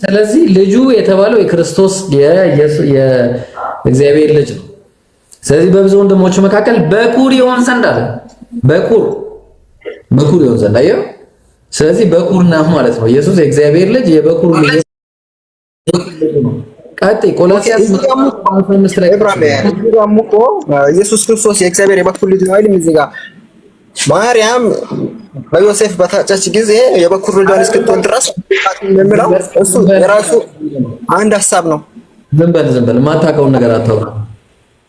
ስለዚህ ልጁ የተባለው የክርስቶስ የእግዚአብሔር ልጅ ነው። ስለዚህ በብዙ ወንድሞች መካከል በኩር ይሆን ዘንድ አለ። በኩር በኩር ይሆን ዘንድ አየው። ስለዚህ በኩር ነው ማለት ነው። ኢየሱስ የእግዚአብሔር ልጅ የበኩር ልጅ ነው። ቀጥይ ቆላሲያስ ምዕራፍ አምስት ላይ ኢየሱስ ክርስቶስ የእግዚአብሔር የበኩር ልጅ ነው አይልም እዚህ ጋር ማርያም በዮሴፍ በታጨች ጊዜ የበኩር ልጇን እስክትወልድ ድረስ የምለው እሱ የራሱ አንድ ሀሳብ ነው። ዝም በል ዝም በል፣ የማታውቀውን ነገር አታውራ።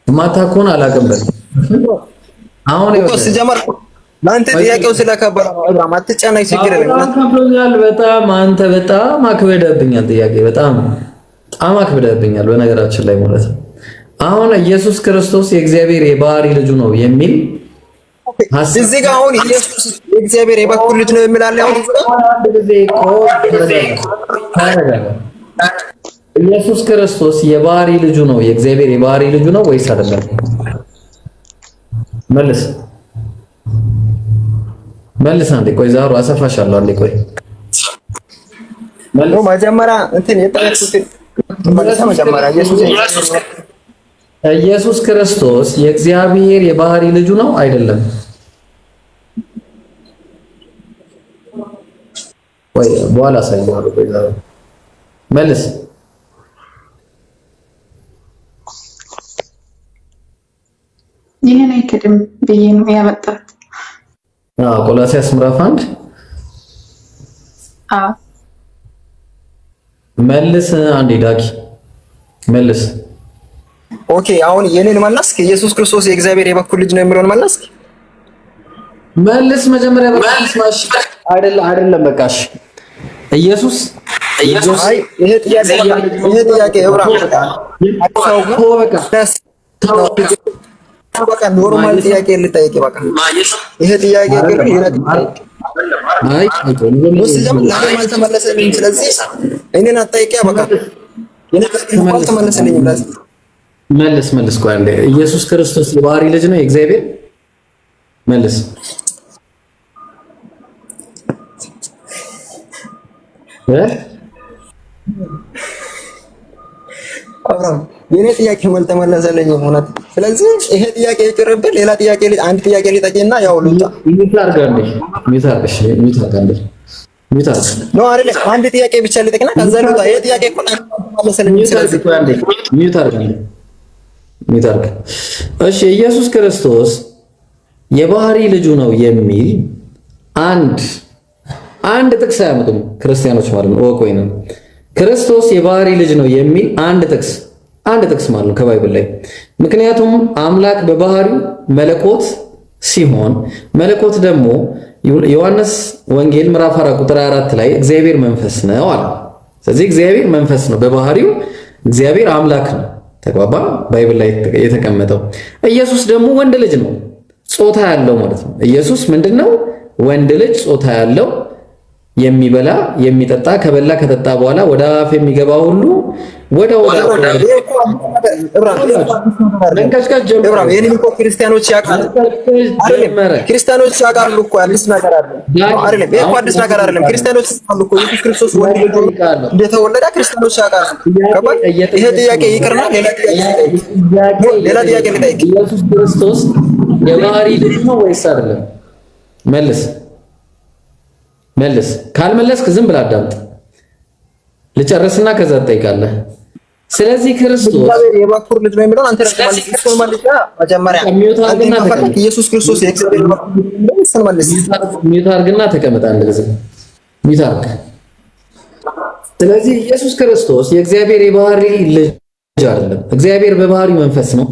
የማታውቀውን አላውቅም በል። አሁን እኮ ሲጀመር ለአንተ ጥያቄው ስለከበረ ነው። እብራም አትጨነቅ፣ ችግር የለም። በጣም አንተ በጣም አክብደብኛል። ጥያቄ በጣም በጣም አክብደብኛል፣ በነገራችን ላይ ማለት ነው። አሁን ኢየሱስ ክርስቶስ የእግዚአብሔር የባህሪ ልጁ ነው የሚል እዚህ ጋር አሁን ኢየሱስ እግዚአብሔር ልጅ ነው የሚላለ አሁን ኢየሱስ ክርስቶስ የባህሪ ልጁ ነው የእግዚአብሔር የባህሪ ልጁ ነው ወይስ አይደለም? መልስ መልስ። አንዴ ቆይ፣ ዛሩ አሰፋሻለሁ። አንዴ ቆይ፣ መጀመሪያ እንትን የጠየኩት መጀመሪያ ኢየሱስ ኢየሱስ ክርስቶስ የእግዚአብሔር የባህሪ ልጁ ነው አይደለም? ወይ በኋላ ሳይማሩ መልስ ይህን አይክድም ብዬ ነው ያመጣት። ቆላሲያስ ምዕራፍ አንድ መልስ አንዴ ዳጊ መልስ ኦኬ አሁን የኔን መለስክ። ኢየሱስ ክርስቶስ የእግዚአብሔር የበኩር ልጅ ነው የሚለውን መለስክ። መልስ መጀመሪያ መልስ አይደለ አይደለም። በቃ ኢየሱስ ኢየሱስ ይሄ ጥያቄ ኖርማል ጥያቄ ልጠይቅ። በቃ ይሄ ጥያቄ ግን መልስ መልስ። ቆይ ኢየሱስ ክርስቶስ የባህሪ ልጅ ነው የእግዚአብሔር? መልስ። አብርሃም የኔ ጥያቄ አልተመለሰልኝ እውነት። ስለዚህ ይሄ ጥያቄ ይቅርብን። ሌላ ጥያቄ አንድ ጥያቄ ልጠይቅና ያው ልውጣ። አንድ ጥያቄ ብቻ ልጠይቅና ከዛ ልውጣ። ይሄ ጥያቄ ሚጠርቅ እሺ፣ ኢየሱስ ክርስቶስ የባህሪ ልጁ ነው የሚል አንድ አንድ ጥቅስ አያመጡም ክርስቲያኖች ማለት ነው። ወቆይ ነው ክርስቶስ የባህሪ ልጅ ነው የሚል አንድ ጥቅስ አንድ ጥቅስ ማለት ነው ከባይብል ላይ። ምክንያቱም አምላክ በባህሪው መለኮት ሲሆን መለኮት ደግሞ ዮሐንስ ወንጌል ምዕራፍ 4 ቁጥር 4 ላይ እግዚአብሔር መንፈስ ነው አለ። ስለዚህ እግዚአብሔር መንፈስ ነው፣ በባህሪው እግዚአብሔር አምላክ ነው። ተግባባ። ባይብል ላይ የተቀመጠው ኢየሱስ ደግሞ ወንድ ልጅ ነው፣ ጾታ ያለው ማለት ነው። ኢየሱስ ምንድነው? ወንድ ልጅ ጾታ ያለው የሚበላ የሚጠጣ ከበላ ከጠጣ በኋላ ወደ አፍ የሚገባ ሁሉ ወደ መንቀጭቀጭ ክርስቲያኖች ያውቃሉ። ክርስቲያኖች ያውቃሉ እኮ አዲስ ነገር አይደለም። ክርስቲያኖች ኢየሱስ ክርስቶስ ወንድ ልጅ እንደተወለደ ክርስቲያኖች ያውቃሉ። ይሄ ጥያቄ ይቅርና ሌላ ጥያቄ ልጠይቅ። ኢየሱስ ክርስቶስ የባህሪ ልጅ ነው ወይስ አይደለም? መልስ መልስ። ካልመለስክ ዝም ብላ አዳምጥ። ልጨርስና ከዛ ትጠይቃለህ። ስለዚህ ክርስቶስ የበኩር ልጅ ነው አንተ ኢየሱስ ክርስቶስ ተቀመጥ። ስለዚህ ኢየሱስ ክርስቶስ የእግዚአብሔር የባህሪ ልጅ አይደለም። እግዚአብሔር በባህሪ መንፈስ ነው።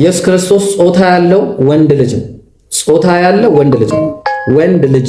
ኢየሱስ ክርስቶስ ጾታ ያለው ወንድ ልጅ ነው። ጾታ ያለው ወንድ ልጅ ወንድ ልጅ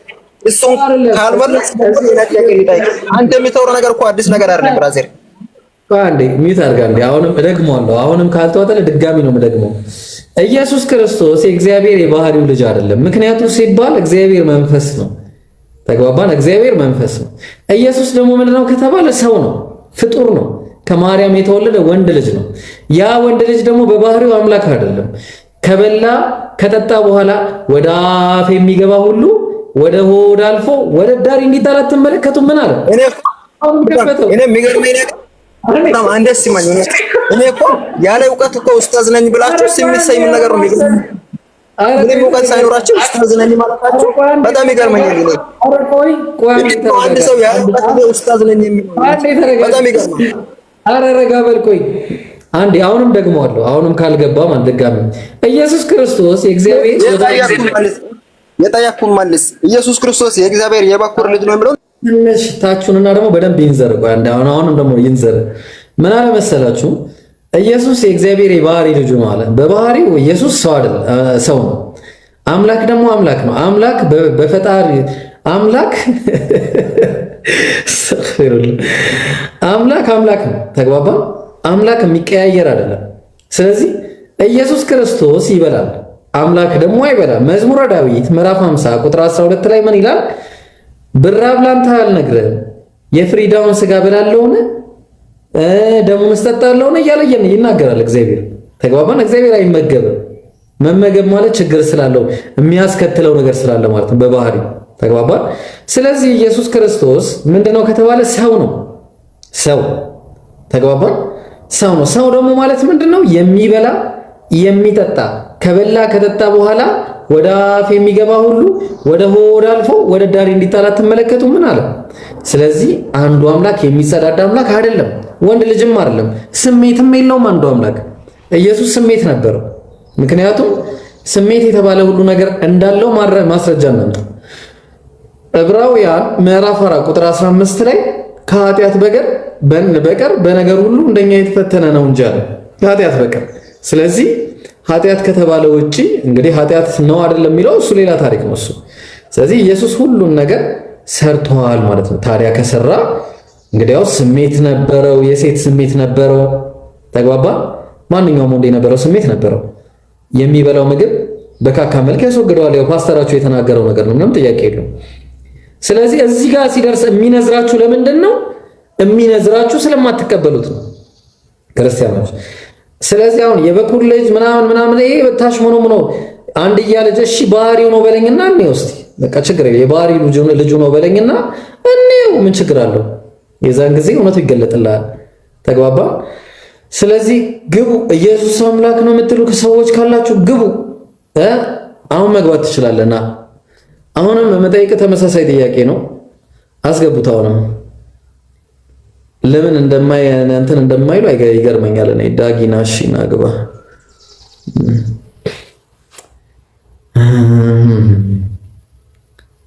እሱን ካልመለስ አንተ የምታወራው ነገር እኮ አዲስ ነገር አይደለም ብራዘር። አንዴ ሚት አድርጋ እንዴ! አሁንም እደግመዋለሁ። አሁንም ካልተዋጠለ ድጋሚ ነው የምደግመው። ኢየሱስ ክርስቶስ የእግዚአብሔር የባህሪው ልጅ አይደለም። ምክንያቱ ሲባል እግዚአብሔር መንፈስ ነው። ተግባባን? እግዚአብሔር መንፈስ ነው። ኢየሱስ ደግሞ ነው ከተባለ ሰው ነው፣ ፍጡር ነው። ከማርያም የተወለደ ወንድ ልጅ ነው። ያ ወንድ ልጅ ደግሞ በባህሪው አምላክ አይደለም። ከበላ ከጠጣ በኋላ ወደ አፍ የሚገባ ሁሉ ወደ ሆድ አልፎ ወደ ዳር እንዲጣል አትመለከቱም? ምን አለ? እኔ እኔ የሚገርመኝ ነገር በጣም አንድ ሲማኝ ነው። እኔ እኮ ያለ እውቀት እኮ ኡስታዝ ነኝ ብላችሁ ሲሚሰይ ምን ነገር ነው የሚገርመኝ። ምንም እውቀት ሳይኖራችሁ ኡስታዝ ነኝ ማለታችሁ በጣም ይገርመኛል። እኔ ቆይ ቆይ አንድ ሰው ያለ እውቀት ኡስታዝ ነኝ የሚለው በጣም ይገርማል። አረ ረጋ በል ቆይ አንድ አሁንም ደግሞ አለው አሁንም ካልገባም ማን ኢየሱስ ክርስቶስ የእግዚአብሔር የጠየቅኩህን መልስ። ኢየሱስ ክርስቶስ የእግዚአብሔር የበኩር ልጅ ነው የሚለው ትንሽ ታችሁንና ደግሞ በደንብ ይንዘር። አሁን አሁንም ደግሞ ይንዘር። ምን አለ መሰላችሁ? ኢየሱስ የእግዚአብሔር የባህሪ ልጁ ነው አለ። በባህሪው ኢየሱስ ሰው አይደል? ሰው ነው። አምላክ ደግሞ አምላክ ነው። አምላክ በፈጣሪ አምላክ አምላክ አምላክ ነው። ተግባባ። አምላክ የሚቀያየር አይደለም። ስለዚህ ኢየሱስ ክርስቶስ ይበላል አምላክ ደግሞ አይበላም። መዝሙረ ዳዊት ምዕራፍ 50 ቁጥር 12 ላይ ምን ይላል? ብራብ ላንተ አልነግርህም፣ የፍሪዳውን ስጋ በላለውን ደሙን ስጠጣለውን እያለ ይናገራል እግዚአብሔር። ተግባባን። እግዚአብሔር አይመገብም። መመገብ ማለት ችግር ስላለው የሚያስከትለው ነገር ስላለ ማለት ነው በባህሪ ተግባባን። ስለዚህ ኢየሱስ ክርስቶስ ምንድነው ከተባለ ሰው ነው። ሰው ተግባባን። ሰው ነው። ሰው ደግሞ ማለት ምንድነው? የሚበላ የሚጠጣ ከበላ ከጠጣ በኋላ ወደ አፍ የሚገባ ሁሉ ወደ ሆድ አልፎ ወደ ዳሪ እንዲጣላ ትመለከቱ ምን አለ? ስለዚህ አንዱ አምላክ የሚጸዳዳ አምላክ አይደለም፣ ወንድ ልጅም አይደለም፣ ስሜትም የለውም። አንዱ አምላክ ኢየሱስ ስሜት ነበረው። ምክንያቱም ስሜት የተባለ ሁሉ ነገር እንዳለው ማስረጃ ነው። ዕብራውያን ምዕራፍ 4 ቁጥር 15 ላይ ከኃጢአት በቀር በቀር በነገር ሁሉ እንደኛ የተፈተነ ነው እንጂ አለ ከኃጢአት በቀር ስለዚህ ኃጢአት ከተባለ ውጪ እንግዲህ ኃጢአት ነው አይደለም የሚለው እሱ ሌላ ታሪክ ነው እሱ። ስለዚህ ኢየሱስ ሁሉን ነገር ሰርተዋል ማለት ነው። ታዲያ ከሰራ እንግዲያው ስሜት ነበረው፣ የሴት ስሜት ነበረው። ተግባባ። ማንኛውም ወንድ የነበረው ስሜት ነበረው። የሚበላው ምግብ በካካ መልክ ያስወግደዋል። ያው ፓስተራችሁ የተናገረው ነገር ነው፣ ምንም ጥያቄ የለው። ስለዚህ እዚህ ጋር ሲደርስ የሚነዝራችሁ ለምንድን ነው? የሚነዝራችሁ ስለማትቀበሉት ነው ክርስቲያኖች ስለዚህ አሁን የበኩር ልጅ ምናምን ምናምን ይሄ በታሽ ሆኖ አንድ አንድያ ልጅ እሺ ባህሪው ነው በለኝና እኔ ውስጥ በቃ ችግር የለም የባህሪ ልጁ ነው በለኝና እኔው ምን ችግር አለው? የዛን ጊዜ እውነቱ ይገለጥልሃል። ተግባባ። ስለዚህ ግቡ። ኢየሱስ አምላክ ነው የምትሉ ሰዎች ካላችሁ ግቡ። አሁን መግባት ትችላለና፣ አሁንም መጠየቅ ተመሳሳይ ጥያቄ ነው። አስገቡት አሁንም ለምን እንደማይ እንትን እንደማይሉ ይገርመኛል። እኔ ዳጊና እሺ ናግባ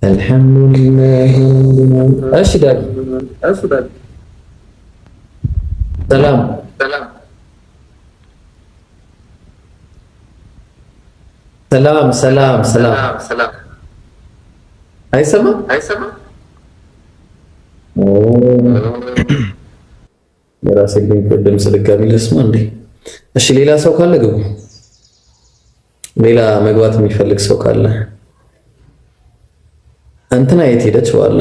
አልሐምዱሊላህ። እሺ ዳጊ ሰላም ሰላም ሰላም ሰላም ሰላም አይሰማ አይሰማም የራሴ ግን ድምፅ ድጋሚ ልስማ እንዴ? እሺ፣ ሌላ ሰው ካለ ግቡ። ሌላ መግባት የሚፈልግ ሰው ካለ እንትና የት ሄደች? ዋላ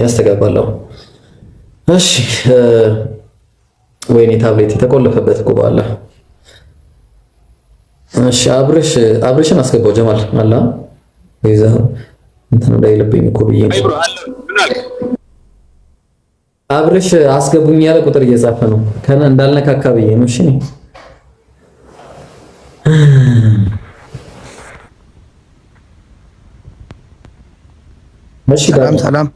ያስተጋባለሁ። እሺ፣ ወይኔ ታብሌት የተቆለፈበት እኮ ባላ። እሺ፣ አብርሽ አብርሽን አስገባው። ጀማል አላ ይዛ እንትን እንዳይልብኝ እኮ ብዬ አብርሽ አስገቡኝ ያለ ቁጥር እየጻፈ ነው። ከነ እንዳልነካካ ብዬ ነው። እሺ እሺ። ሰላም ሰላም።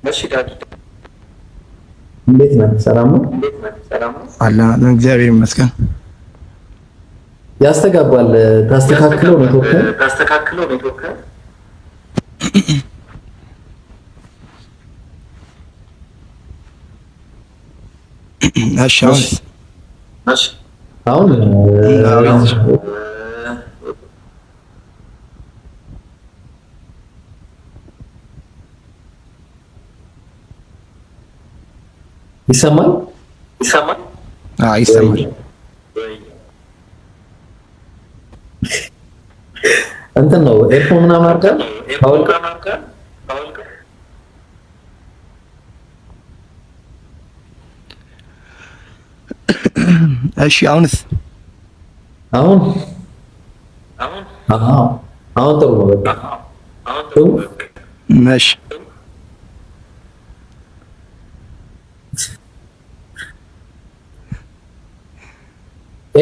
እንዴት ነህ? ሰላም ነው አላ እግዚአብሔር ይመስገን። ያስተጋባል። ታስተካክለው ኔትወርክ ታስተካክለው ኔትወርክ ይሰማል ይሰማል እንትን ነው ኤርፎን ምናምን አድርጋል እሺ አሁንስ? አሁን አሁን አሁን ጥሩ ነው። በቃ አሁን ጥሩ ነሽ።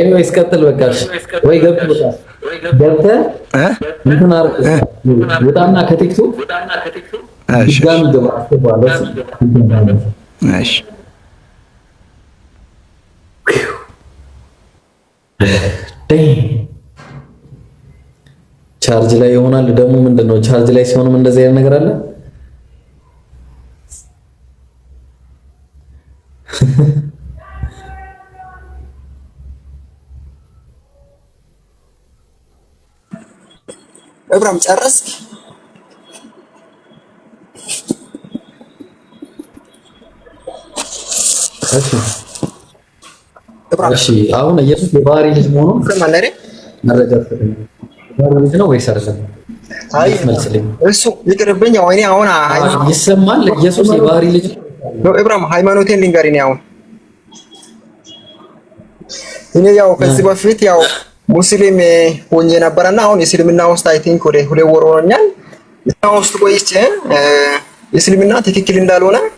ኤኒዌይስ ቀጥል በቃ ወይ ገብተህ ገብተህ እንትን አድርግ ውጣና ከቲክቶክ ድጋሚ ግባ። እሺ ቻርጅ ላይ ይሆናል። ደግሞ ምንድን ነው ቻርጅ ላይ ሲሆንም እንደዚህ አይነት ነገር አለ። እብራም ጨረስክ? እሺ እሺ፣ አሁን ኢየሱስ የባህሪ ልጅ መሆኑን መረዳት ልጅ ነው ወይስ አይደለም? እሱ ይቅርብኝ። አሁን ይሰማል። ኢየሱስ የባህሪ ልጅ ነው። ኢብራሂም ሃይማኖቴን እኔ አሁን እኔ ያው ከዚህ በፊት ያው ሙስሊም ሆኜ ነበረና አሁን እስልምና ውስጥ አይ ቲንክ ወደ ሁለት ወር ሆኖኛል። እስልምና ውስጥ ቆይቼ እስልምና ትክክል እንዳልሆነ